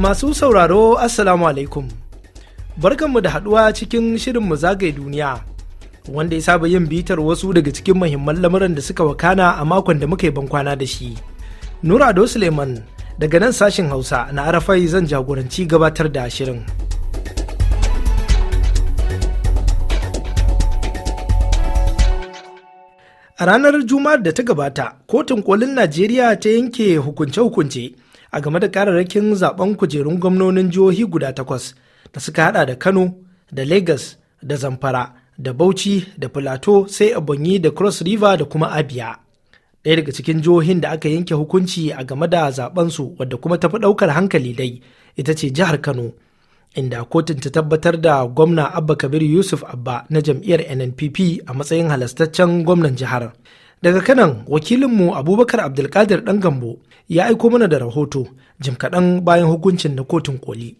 Masu sauraro Assalamu alaikum. Barkanmu da haɗuwa cikin shirin mu zagaye duniya wanda ya saba yin bitar wasu daga cikin muhimman lamuran da suka wakana a makon da muka yi bankwana da shi. Nura do Suleiman daga nan sashin Hausa na Arafai zan jagoranci gabatar da shirin. A ranar Juma'ar da ta gabata, Kotun Kolin Najeriya ta yanke hukunce-hukunce a game da kararrakin zaben kujerun gwamnonin jihohi guda takwas da suka hada da kano da lagos da zamfara da bauchi da filato sai ebonyi da cross river da kuma abia ɗaya daga cikin jihohin da aka yanke hukunci a game da zabensu wadda kuma tafi ɗaukar hankali dai ita ce jihar kano inda kotun ta tabbatar da gwamna abba kabir yusuf abba na jam'iyyar nnpp a matsayin halastaccen gwamnan jihar daga kanan wakilinmu abubakar abdulkadir dan gambo ya aiko mana da rahoto jim kaɗan bayan hukuncin na kotun koli.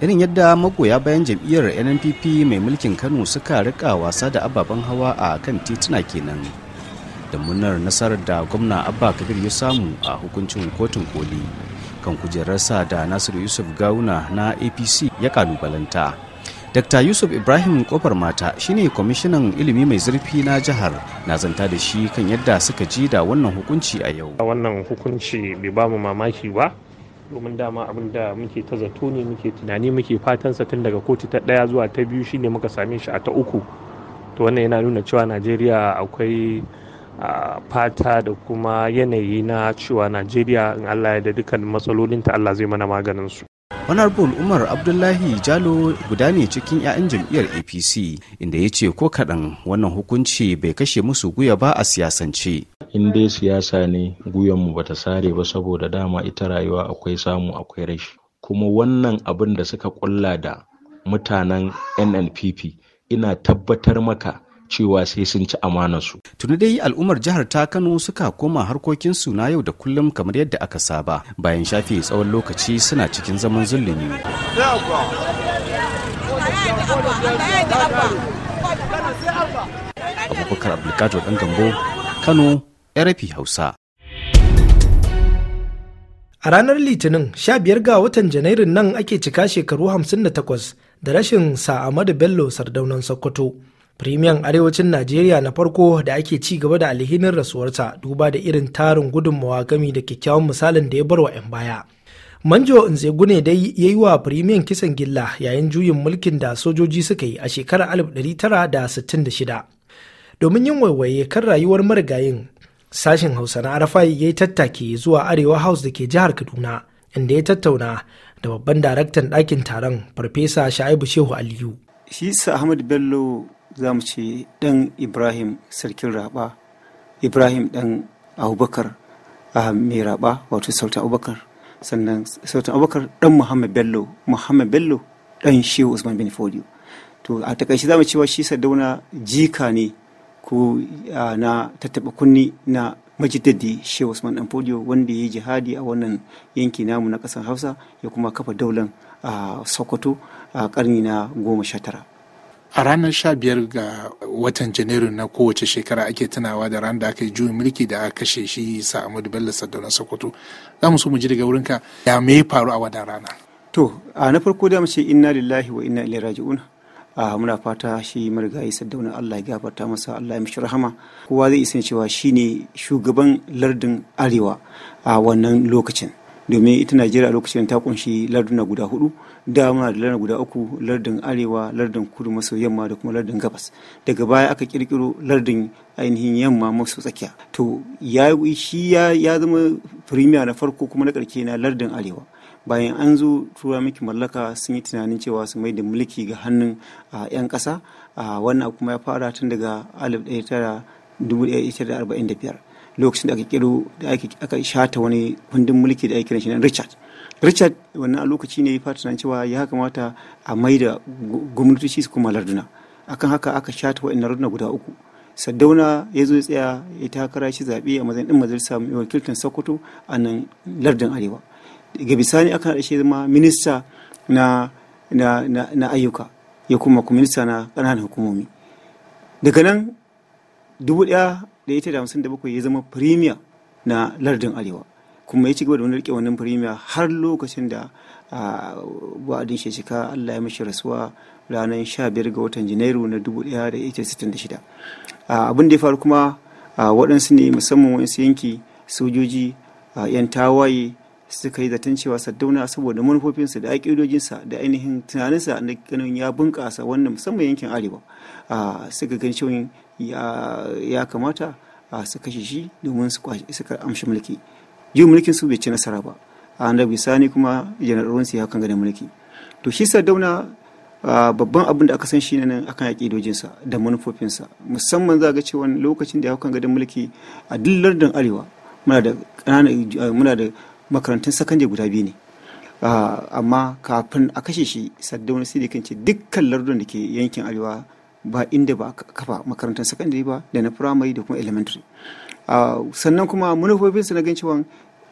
irin yadda magoya bayan jam'iyyar nnpp mai mulkin kano suka rika wasa da ababen hawa a kan tituna kenan da munar nasarar da gwamna abba kabir ya samu a hukuncin kotun koli kan kujerarsa da nasiru yusuf gauna na apc ya kalubalanta Dr. Yusuf Ibrahim Kofar Mata shine kwamishinan ilimi mai zurfi na jihar na zanta da shi kan yadda suka ji da wannan hukunci a yau. Wannan hukunci bai ba mu mamaki ba domin dama abin da muke ta zato ne muke tunani muke fatan sa tun daga kotu ta ɗaya zuwa ta biyu shine muka same shi a ta uku. To wannan yana nuna cewa Najeriya akwai fata da kuma yanayi na cewa Najeriya in Allah ya da dukkan matsalolinta Allah zai mana maganin su. honorable umar abdullahi jalo guda ne cikin 'ya'yan jam'iyyar apc inda ya ce ko kaɗan wannan hukunci bai kashe musu guya ba a siyasance in dai siyasa ne guyanmu ta sare ba saboda dama ita rayuwa akwai samu akwai rashi kuma wannan abin da suka kulla da mutanen nnpp ina tabbatar maka cewa sai sun ci amanarsu. Tuni dai al'ummar jihar ta Kano suka koma harkokinsu na yau da kullum kamar yadda aka saba bayan shafe tsawon lokaci suna cikin zaman zulumi. Abubakar Abdulkadir ɗan gambo Kano, RFI Hausa. A ranar Litinin 15 ga watan Janairun nan ake cika shekaru 58 da rashin amadu Bello sardaunan Sokoto. Firimiyan Arewacin Najeriya na farko da ake ci gaba da alhinin rasuwarta, duba da irin tarin gudunmawa gami da kyakkyawan misalin da ya barwa 'yan baya. Manjo Nzegune dai ya yi wa Firimiyan kisan gilla yayin juyin mulkin da sojoji suka yi a shekarar shida, Domin yin waiwaye kan rayuwar marigayin, sashen Hausa na Arafai ya yi tattaki zuwa Arewa House da ke jihar Kaduna, inda ya tattauna da babban daraktan ɗakin taron Farfesa Sha'ibu Shehu Aliyu. Shi Ahmad Bello za mu ce ɗan ibrahim sarkin Raɓa ibrahim ɗan abubakar ah, mai raba wato sautan abubakar sannan sautan abubakar ɗan muhammad bello muhammad bello ɗan shehu usman bin Fodio to a takaice za mu cewa shi sadauna jika ne ko ah, na tattaɓa kunni na majidadi shehu usman dan Fodio wanda ya yi jihadi a wannan yanki namu na ƙasar hausa ya kuma kafa daular a ah, sokoto a ƙarni na goma sha tara a ranar sha biyar ga watan janairu na kowace shekara ake tunawa da ranar da aka yi juyin mulki da aka kashe shi sa'amud bello sardauna sokoto za mu so mu ji daga wurinka ya me faru a wannan rana to a na farko da ce inna lillahi wa inna ilaihi raji'un a muna fata shi marigayi sardauna allah ya gafarta masa allah ya mishi rahama kowa zai isa cewa shi ne shugaban lardin arewa a wannan lokacin domin ita najeriya a lokacin ta kunshi larduna guda hudu da muna da lardin guda uku lardin arewa lardin kudu maso yamma da kuma lardin gabas daga baya aka kirkiro lardin ainihin yamma maso tsakiya to ya shi ya zama firimiya na farko kuma na karke na lardin arewa bayan an zo tura miki mallaka sun yi tunanin cewa su mai da mulki ga hannun 'yan ƙasa wannan kuma ya fara tun daga 1945 lokacin da aka kiro da aka shata wani kundin mulki da ake kiran shi na richard richard wannan a lokaci ne ya fata cewa ya kamata a mai da gwamnatoci su kuma larduna akan haka aka shata wa'in larduna guda uku sadauna ya zo ya tsaya ya takara shi zaɓe a matsayin ɗin majalisa mai wakiltar sokoto a nan lardin arewa ga bisani aka haɗa shi zama minista na ayyuka ya kuma minista na ƙananan hukumomi daga nan dubu ɗaya da ita da hamsin da bakwai ya zama firimiya na lardin arewa kuma ya ci gaba da wani rike wannan firimiya har lokacin da a shi cika Allah ya mishi rasuwa ranar biyar ga watan Janairu na shida abin da ya faru kuma waɗansu ne musamman wani yanki sojoji yan tawaye suka yi zaton cewa saddauna saboda manufofinsa da aƙidojinsa da ainihin tunaninsa na ganin ya bunƙasa wannan musamman yankin arewa suka gan cewa ya kamata su kashe shi domin su amshi mulki yin mulkin su bai ci nasara ba a da bisani kuma janarorin su ya kan mulki to shi sadauna babban abin da aka san shi ne nan akan sa da manufofinsa musamman za ga cewa lokacin da ya kan gadon mulki a duk lardin arewa muna da makarantun sakandare guda biyu ne amma kafin a kashe shi sadauna sai da ce dukkan lardun da ke yankin arewa ba inda ba kafa makarantar sakandare ba da na firamare da kuma elementary sannan kuma manufofinsa na gan cewa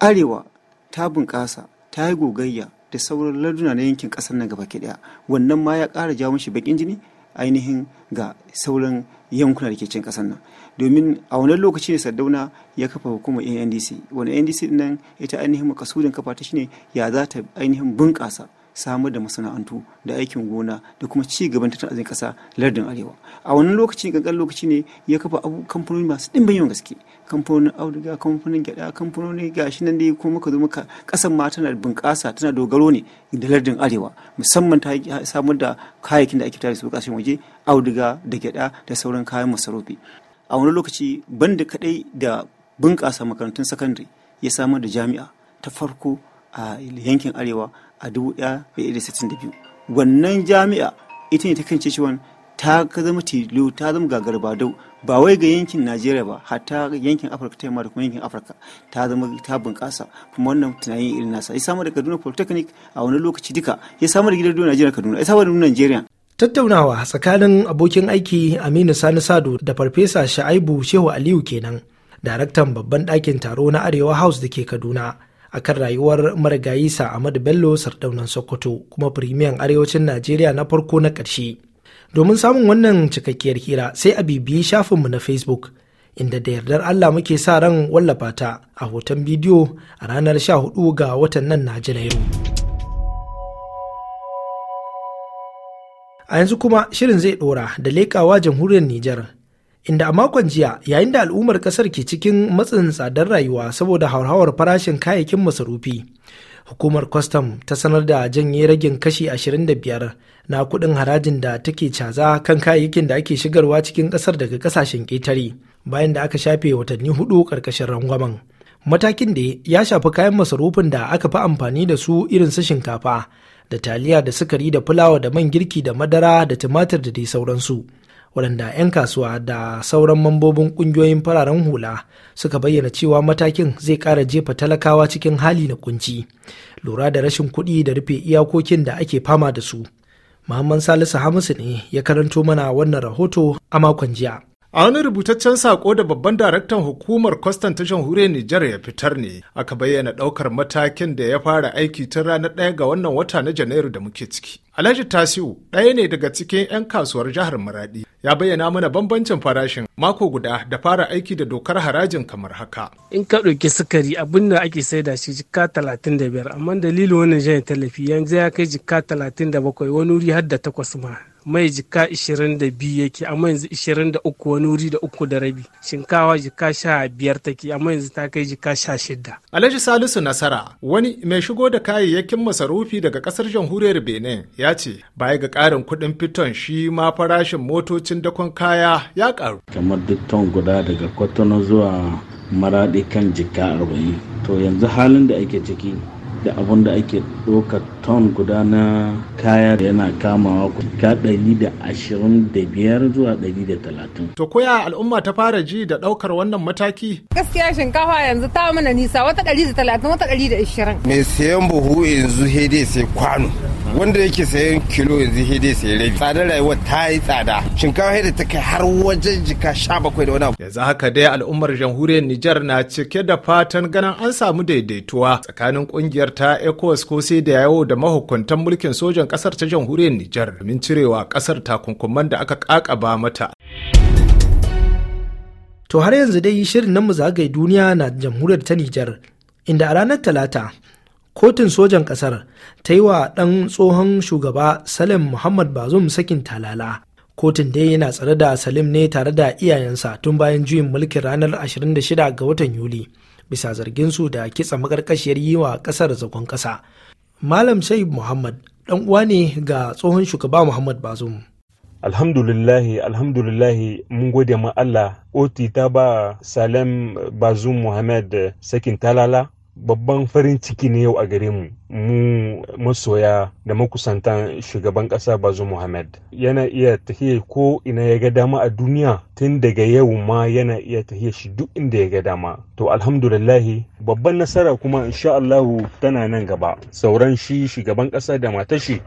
arewa ta bunƙasa ta yi gogayya da sauran larduna na yankin ƙasar nan gaba ɗaya wannan ma ya ƙara jawo shi bakin jini ainihin ga sauran yankuna da ke cin ƙasar nan domin a wannan lokaci ne sardauna ya kafa hukumar ndc wani ndc nan ita ainihin makasudin kafa ta shi ne ya za ta ainihin bunƙasa samar da masana'antu da aikin gona da kuma ci gaban tattalin arzikin ƙasa lardin arewa a wannan lokaci kankan lokaci ne ya kafa abu kamfanoni masu ɗimbin yawan gaske kamfanonin auduga kamfanonin gyaɗa kamfanonin gashi nan dai kuma muka zo muka ƙasar ma tana bunƙasa tana dogaro ne da lardin arewa musamman ta samar da kayayyakin da ake tare su ƙasashen waje auduga da gyaɗa da sauran kayan masarufi a wani lokaci banda kaɗai da bunƙasa makarantun sakandare ya samar da jami'a ta farko a yankin arewa a 1962 wannan jami'a ita ne ta kan cewa ta zama tilo ta zama dau ba wai ga yankin najeriya ba hatta yankin afirka ta yamma da kuma yankin afirka ta zama ta bunƙasa kuma wannan tunanin irin nasa ya samar da kaduna polytechnic a wani lokaci duka ya samar da gidan duniya najeriya kaduna ya samar da najeriya tattaunawa tsakanin abokin aiki aminu sani sado da farfesa sha'aibu shehu aliyu kenan daraktan babban ɗakin taro na arewa house da ke kaduna A kan rayuwar marigayi Ahmadu Bello sardaunan Sokoto kuma firimiyan arewacin Najeriya na farko na ƙarshe. Domin samun wannan cikakkiyar hira sai a bibiyi shafinmu na Facebook inda da yardar Allah muke sa ran wallafa ta a hoton bidiyo a ranar 14 ga watan nan na Janairu. A yanzu kuma shirin zai ɗora da leƙawa jamhuriyar Nijar inda a makon jiya yayin da al'ummar kasar ke cikin matsin tsadar rayuwa saboda hauhawar farashin kayayyakin masarufi hukumar kwastam ta sanar da janye ragin kashi 25 na kuɗin harajin da take caza kan kayayyakin da ake shigarwa cikin ƙasar daga ƙasashen ƙetare bayan da aka shafe watanni hudu ƙarƙashin rangwamen matakin da ya shafi kayan masarufin da aka fi amfani da su irin su shinkafa da taliya da sukari da fulawa da man girki da madara da tumatir da dai sauransu waɗanda 'yan kasuwa da sauran mambobin ƙungiyoyin fararen hula suka bayyana cewa matakin zai ƙara jefa talakawa cikin hali na kunci lura da rashin kuɗi da rufe iyakokin da ake fama da su muhammad salisu hamisu ne ya karanto mana wannan rahoto a makon jiya A wani rubutaccen sako da babban daraktan hukumar kwastan ta jamhuriyar Nijar ya fitar ne, aka bayyana ɗaukar matakin da ya fara aiki tun ranar ɗaya ga wannan wata na Janairu da muke ciki. Alhaji Tasiu ɗaya ne daga cikin 'yan kasuwar jihar Maradi ya bayyana mana bambancin farashin mako guda da fara aiki da dokar harajin kamar haka. In ka ɗauki sukari abin da ake saida shi jikka talatin da biyar amma dalilin wannan jan tallafi yanzu ya kai jikka talatin da bakwai wani wuri har da takwas ma. mai jika 22 yake amma yanzu 23 wani wuri da uku da rabi shinkawa jika sha biyar take amma yanzu ta kai jika sha shida. Alhaji Salisu Nasara wani mai shigo da kayayyakin masarufi daga kasar jamhuriyar Benin ya ce baya ga karin kuɗin fiton shi ma farashin motocin dakon kaya ya karu Kamar duk ton guda daga Kwatano zuwa Maraɗi kan jika arba'in to yanzu halin da ake ciki da abun da ake ɗaukar ton guda na kaya da yana kamawa ka ɗari da ashirin da biyar zuwa ɗari da talatin. To koya al'umma ta fara ji da ɗaukar wannan mataki? Gaskiya shinkafa yanzu ta mana nisa wata ɗari da talatin wata ɗari da ashirin. Mai sayan buhu yanzu sai kwano. wanda yake sayan kilo yanzu sai sai rabi tsadar rayuwar ta yi tsada shinkafa da ta kai har wajen jika sha bakwai da wani yanzu haka dai al'ummar jamhuriyar Nijar na cike da fatan ganin an samu daidaituwa tsakanin kungiyar ta ECOWAS ko sai da yawo da mahukuntan mulkin sojan kasar ta jamhuriyar Nijar domin cirewa kasar takunkuman da aka kakaba mata. To har yanzu dai shirin na mu zagaye duniya na jamhuriyar ta Nijar, inda a ranar Talata kotun sojan kasar ta yi wa ɗan tsohon shugaba salim muhammad bazum sakin talala kotun dai yana tsare da salim ne tare da iyayensa tun bayan juyin mulkin ranar 26 ga watan yuli bisa zarginsu da kitsa makarkashiyar yi wa ƙasar zagon ƙasa malam sai muhammad ɗan uwa ne ga tsohon shugaba muhammad bazum alhamdulillahi alhamdulillahi mun gode ma allah oti ta ba salem bazum muhammad sakin talala babban farin ciki ne yau a gare mu mu masoya da makusantan shugaban ƙasa bazu muhammad yana iya tahiya ko ina ya ga dama a duniya tun daga yau ma yana iya tahiya shi duk inda ya ga dama to alhamdulillahi babban nasara kuma insha Allahu tana nan gaba sauran shi shugaban ƙasa da matashi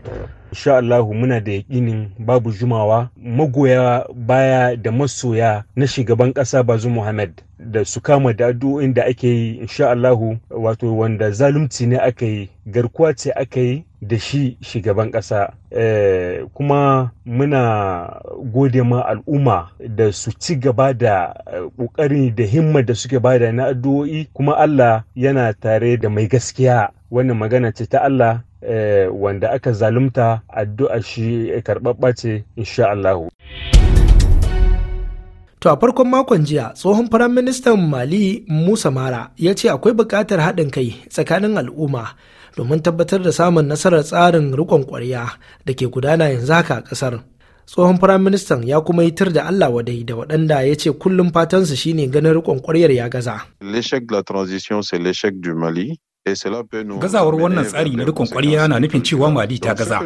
insha Allahu muna da yaƙinin babu jumawa magoya baya da masoya na shugaban ƙasa bazu Muhammad da su kama da addu'o'in da ake yi insha Allahu wato wanda zalunci ne aka yi garkuwa ce aka yi da shi shigaban ƙasa eh, kuma muna gode ma al'umma da su ci gaba da eh, ƙoƙari da himma da suke bada na addu'o'i kuma Allah yana tare da mai gaskiya wannan magana ce ta Allah eh, wanda aka zalunta addu'a shi karɓaɓɓa ce insha Allahu. To a farkon makon jiya tsohon firaministan Mali Musa Mara ya ce akwai buƙatar haɗin kai tsakanin al'umma domin tabbatar da samun nasarar tsarin rikon kwarya da ke gudana yanzu haka a ƙasar. tsohon firaministan ya kuma yi yitar da Allah wadai da waɗanda ya ce kullum fatansu shine ganin rikon ƙwaryar ya gaza. L'échec de la transition c'est l'échec du Mali. Gazawar wannan tsari na dukkan kwariya na nufin cewa Mali ta gaza,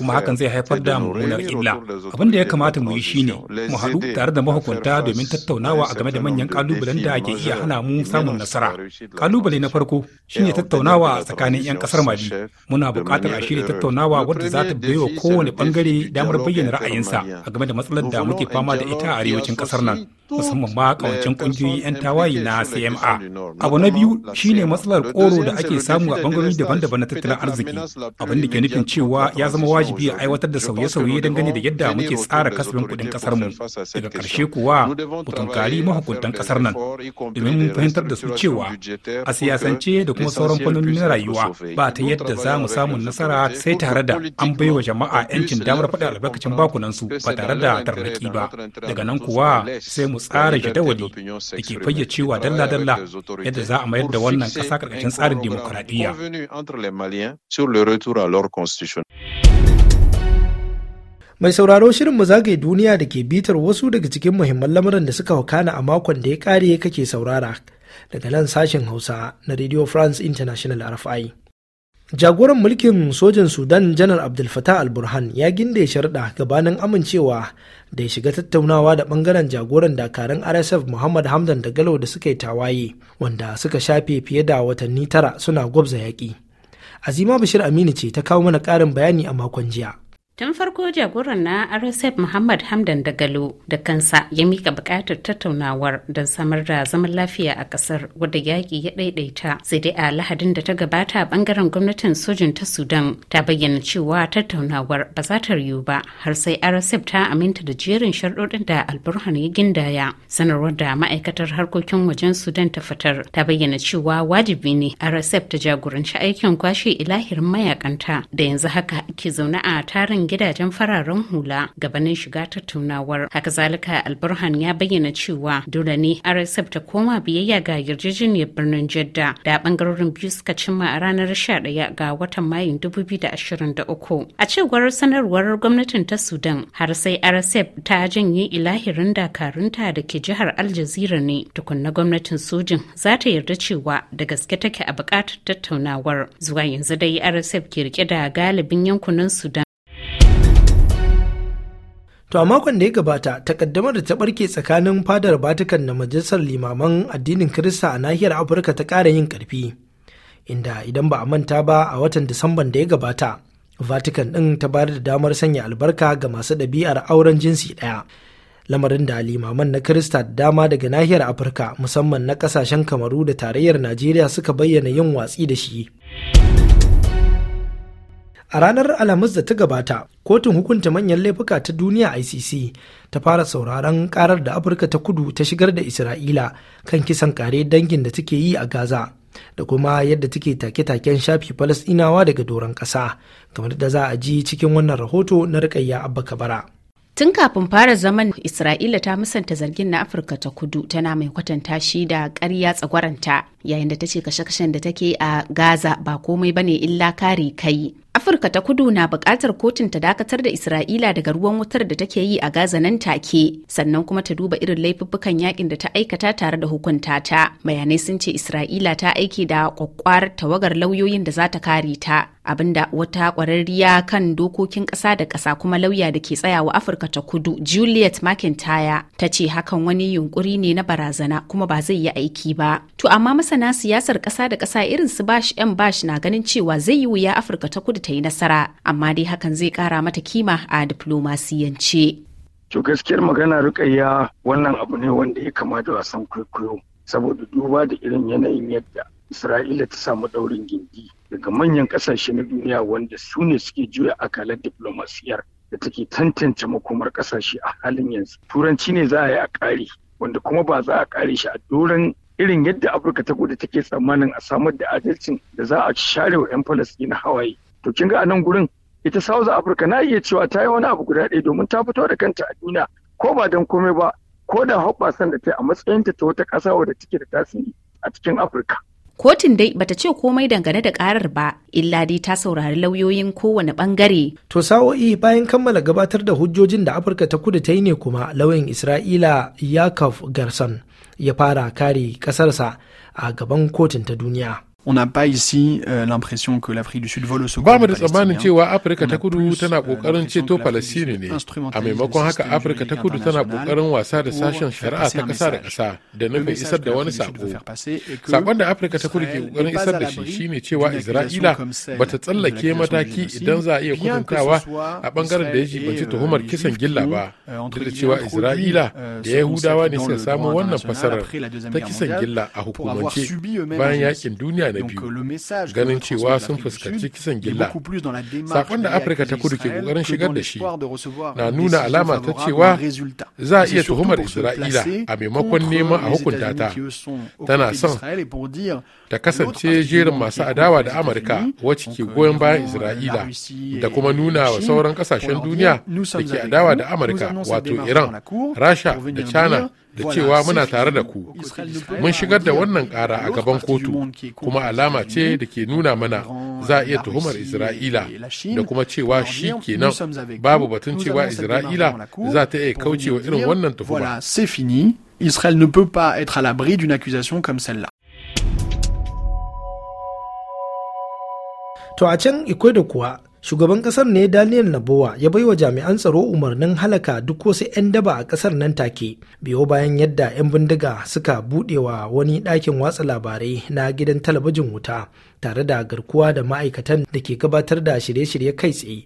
kuma hakan zai haifar da mummunar illa. Abin da ya kamata mu yi shine mu haɗu tare da mahukunta domin tattaunawa a game da manyan ƙalubalen da ake iya hana mu samun nasara. Ƙalubale na farko shine tattaunawa a tsakanin 'yan ƙasar Mali. Muna buƙatar a shirya tattaunawa wadda za ta baiwa kowane ɓangare damar bayyana ra'ayinsa a game da matsalar da muke fama da ita a arewacin ƙasar nan. musamman ma kawancin eh, ƙungiyoyi 'yan tawaye na cma abu na biyu shine matsalar koro da ake samu a bangarori daban-daban na tattalin arziki abin da ke nufin cewa ya zama wajibi a aiwatar da sauye-sauye dangane da yadda muke tsara kasafin kuɗin kasar mu daga karshe kuwa mu tunkari mahukuntan kasar nan domin mun fahimtar da su cewa a siyasance da kuma sauran fannoni na rayuwa ba ta yadda za mu samu nasara sai tare da an baiwa jama'a 'yancin damar faɗa albarkacin bakunansu ba tare da tarnaki ba daga nan kuwa sai mu tsara jadawali da ke cewa dalla-dalla yadda za a mayar da wannan ƙasa ƙarƙashin tsarin demokuraɗiyya. Mai sauraro shirin mu zagaye duniya da ke bitar wasu daga cikin muhimman lamuran da suka wakana a makon da ya kare kake saurara daga nan sashen Hausa na Radio France International RFI. jagoran mulkin sojan sudan janar abdul Fattah al-burhan ya ginde sharda gabanin amincewa da ya shiga tattaunawa da bangaren jagoran dakarun rsf muhammad hamdan da galo da suka yi tawaye wanda suka shafe fiye da watanni tara suna gwabza yaƙi azima bashir aminu ce ta kawo mana ƙarin bayani a makon jiya Tun farko jagoran na RSF Muhammad Hamdan Dagalo da kansa ya mika bukatar tattaunawar don samar da zaman lafiya a kasar wadda yaƙi ya ɗaiɗaita. Sai dai a lahadin da ta gabata bangaren gwamnatin sojin ta Sudan ta bayyana cewa tattaunawar ba za ta yiwu ba har sai RSF ta aminta da jerin sharɗoɗin da alburhan ya gindaya. Sanarwar da ma'aikatar harkokin wajen Sudan ta fitar ta bayyana cewa wajibi ne RSF ta jagoranci aikin kwashe ilahirin mayakanta da yanzu haka ke zaune a tarin gidajen fararen hula gabanin shiga tattaunawar. Haka zalika Alburhan ya bayyana cewa dole ne RSF ta koma biyayya ga yarjejeniyar birnin jadda da bangarorin biyu suka cimma a ranar 11 ga watan Mayun uku. A cewar sanarwar gwamnatin ta Sudan har sai RSF ta janye ilahirin dakarunta da ke jihar Aljazira ne tukunna gwamnatin sojin za ta yarda cewa da gaske take a bukatar tattaunawar. Zuwa yanzu dai RSF ke rike da galibin yankunan Sudan To a makon da ya gabata takaddamar da ta barke tsakanin fadar Vatican na majalisar limaman addinin Kirista a nahiyar Afirka ta ƙara yin ƙarfi. Inda idan ba a manta ba a watan Disamban da ya gabata, Vatican ɗin ta bayar da damar sanya albarka ga masu ɗabi'ar auren jinsi ɗaya. Lamarin da limaman na Kirista da dama daga nahiyar Afirka musamman na ƙasashen Kamaru da tarayyar Najeriya suka bayyana yin watsi da shi. a ranar alhamis da ta gabata kotun hukunta manyan laifuka ta duniya icc ta fara sauraron karar da afirka ta kudu ta shigar da isra'ila kan kisan kare dangin da take yi a gaza da kuma yadda take take-taken shafi falasɗinawa daga doron ƙasa kamar da za a ji cikin wannan rahoto na rikayya abba kabara Tun kafin fara zaman Isra'ila ta musanta zargin na Afirka ta kudu tana mai kwatanta shi da karya tsagwaranta yayin da ta ce kashe-kashen da take a Gaza ba komai bane illa kare kai. afirka ta kudu na buƙatar kotun ta dakatar da isra'ila daga ruwan wutar da take yi a gaza nan take sannan kuma ta duba irin laifuffukan yakin da ta aikata tare da hukunta ta bayanai sun ce isra'ila ta aiki da kwakwar tawagar lauyoyin da za ta kare ta abinda wata kwararriya kan dokokin ƙasa da ƙasa kuma lauya da ke tsayawa afirka ta kudu juliet mcintyre ta ce hakan wani yunkuri ne na barazana kuma ba zai yi aiki ba to amma masana siyasar ƙasa da ƙasa irin su bash yan bash na ganin cewa zai yi wuya afirka ta kudu ta yi nasara amma dai hakan zai kara mata kima a diflomasiyance to gaskiyar magana rukayya wannan abu ne wanda ya kamata wasan kwaikwayo saboda duba da irin yanayin yadda isra'ila ta samu daurin gindi daga manyan kasashe na duniya wanda su ne suke juya akalar diplomasiyar da take tantance makomar kasashe a halin yanzu turanci ne za a yi a ƙari wanda kuma ba za a ƙare shi a doron irin yadda afirka ta gudu take tsammanin a samar da adalcin da za a share wa 'yan na Hawaii. to kin ga a nan gurin ita south africa na iya cewa ta yi wani abu guda ɗaya domin ta fito da kanta a duniya ko ba don komai ba ko da hoɓɓasan da ta yi a matsayinta ta wata ƙasa wadda take da tasiri a cikin afirka Kotun dai bata ce komai dangane da karar ba, illa dai ta saurari lauyoyin kowane bangare. To sa'o'i bayan kammala gabatar da hujjojin da Afirka ta kudu ta yi ne kuma lauyin Isra'ila Yakov Garson ya fara kare kasarsa a gaban kotun ta duniya. On n'a pas ici euh, l'impression que l'Afrique du Sud vole au second. Euh, da tsammanin cewa Afirka ta Kudu tana kokarin ceto Palestine ne. A maimakon haka Afirka ta Kudu tana kokarin wasa da sashen shari'a ta kasa da kasa da nufin isar da wani sako. Sakon da Afirka ta Kudu ke kokarin isar da shi shine cewa Isra'ila bata tsallake mataki idan za a iya kwatantawa a bangaren da ya jibanci euh, tuhumar kisan gilla ba. Euh, duk da cewa Isra'ila da Yahudawa ne suka samu wannan fasarar ta kisan gilla a hukumance bayan yakin duniya duniya biyu ganin cewa sun fuskanci kisan gilla sakon da afirka ta kudu ke kokarin shigar da shi na nuna alama ta cewa za a iya tuhumar isra'ila a maimakon neman a hukunta ta tana son ta kasance jerin masu adawa da amurka wacce ke goyon bayan isra'ila da kuma nuna wa sauran kasashen duniya da ke adawa da amurka wato iran rasha da china da cewa muna tare da ku mun shigar da wannan ƙara a gaban kotu kuma alama ce da ke nuna mana za a iya tuhumar isra'ila da kuma cewa shi kenan babu batun cewa isra'ila za ta iya kaucewa irin wannan tuhuma Israël ne peut pas être à l'abri d'une accusation comme celle-là. To a can da kuwa shugaban kasar ne daniel nabowa ya bai wa jami'an tsaro umarnin halaka duk wasu 'yan daba a kasar nan take biyo bayan yadda 'yan bindiga suka buɗewa wani ɗakin watsa labarai na gidan talabijin wuta tare da garkuwa da ma'aikatan da ke gabatar da shirye-shirye kai tsaye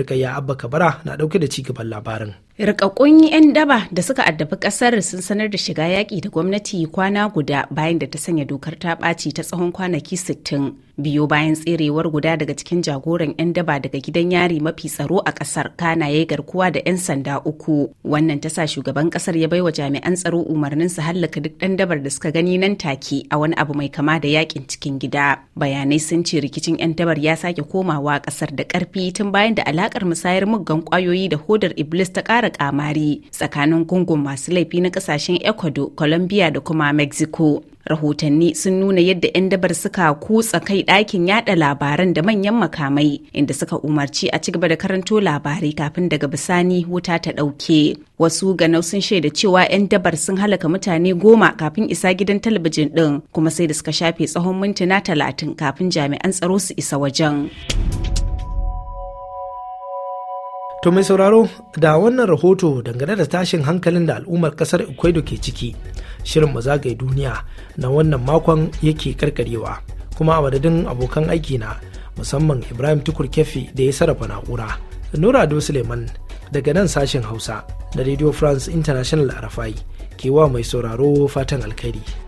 rikaya abba kabara na dauke da cigaban labarin rikakkun 'yan daba da suka addabi kasar sun sanar da shiga yaƙi da gwamnati kwana guda bayan da ta sanya dokar ta ɓaci ta tsawon kwanaki 60 biyo bayan tserewar guda daga cikin jagoran 'yan daba daga gidan yari mafi tsaro a kasar kana ya garkuwa da 'yan sanda uku wannan ta sa shugaban kasar ya baiwa jami'an tsaro umarnin su hallaka duk dan dabar da suka gani nan take a wani abu mai kama da yaƙin cikin gida bayan bayanai sun ce rikicin 'yan dabar ya sake komawa kasar da karfi tun bayan da alakar musayar muggan kwayoyi da hodar iblis ta kara kamari tsakanin gungun masu laifi na kasashen ecuador colombia da kuma mexico rahotanni sun nuna yadda 'yan dabar suka kutsa kai ɗakin yada labaran da manyan makamai inda suka umarci a cigaba da karanto labarai kafin daga bisani wuta ta ɗauke wasu ganau sun shaida cewa 'yan dabar sun halaka mutane goma kafin isa gidan talabijin ɗin kuma sai da suka shafe tsawon mintuna talatin kafin jami'an tsaro su isa wajen. To mai sauraro da wannan rahoto dangane da tashin hankalin da al'ummar kasar Ecuador ke ciki shirin zagaye duniya na wannan makon yake karkarewa kuma a madadin abokan aiki na musamman Ibrahim Tukur Kefi da ya sarrafa na'ura. Nura Ado Suleiman daga nan sashen Hausa da Radio France International Arafai ke wa mai sauraro fatan alkhairi.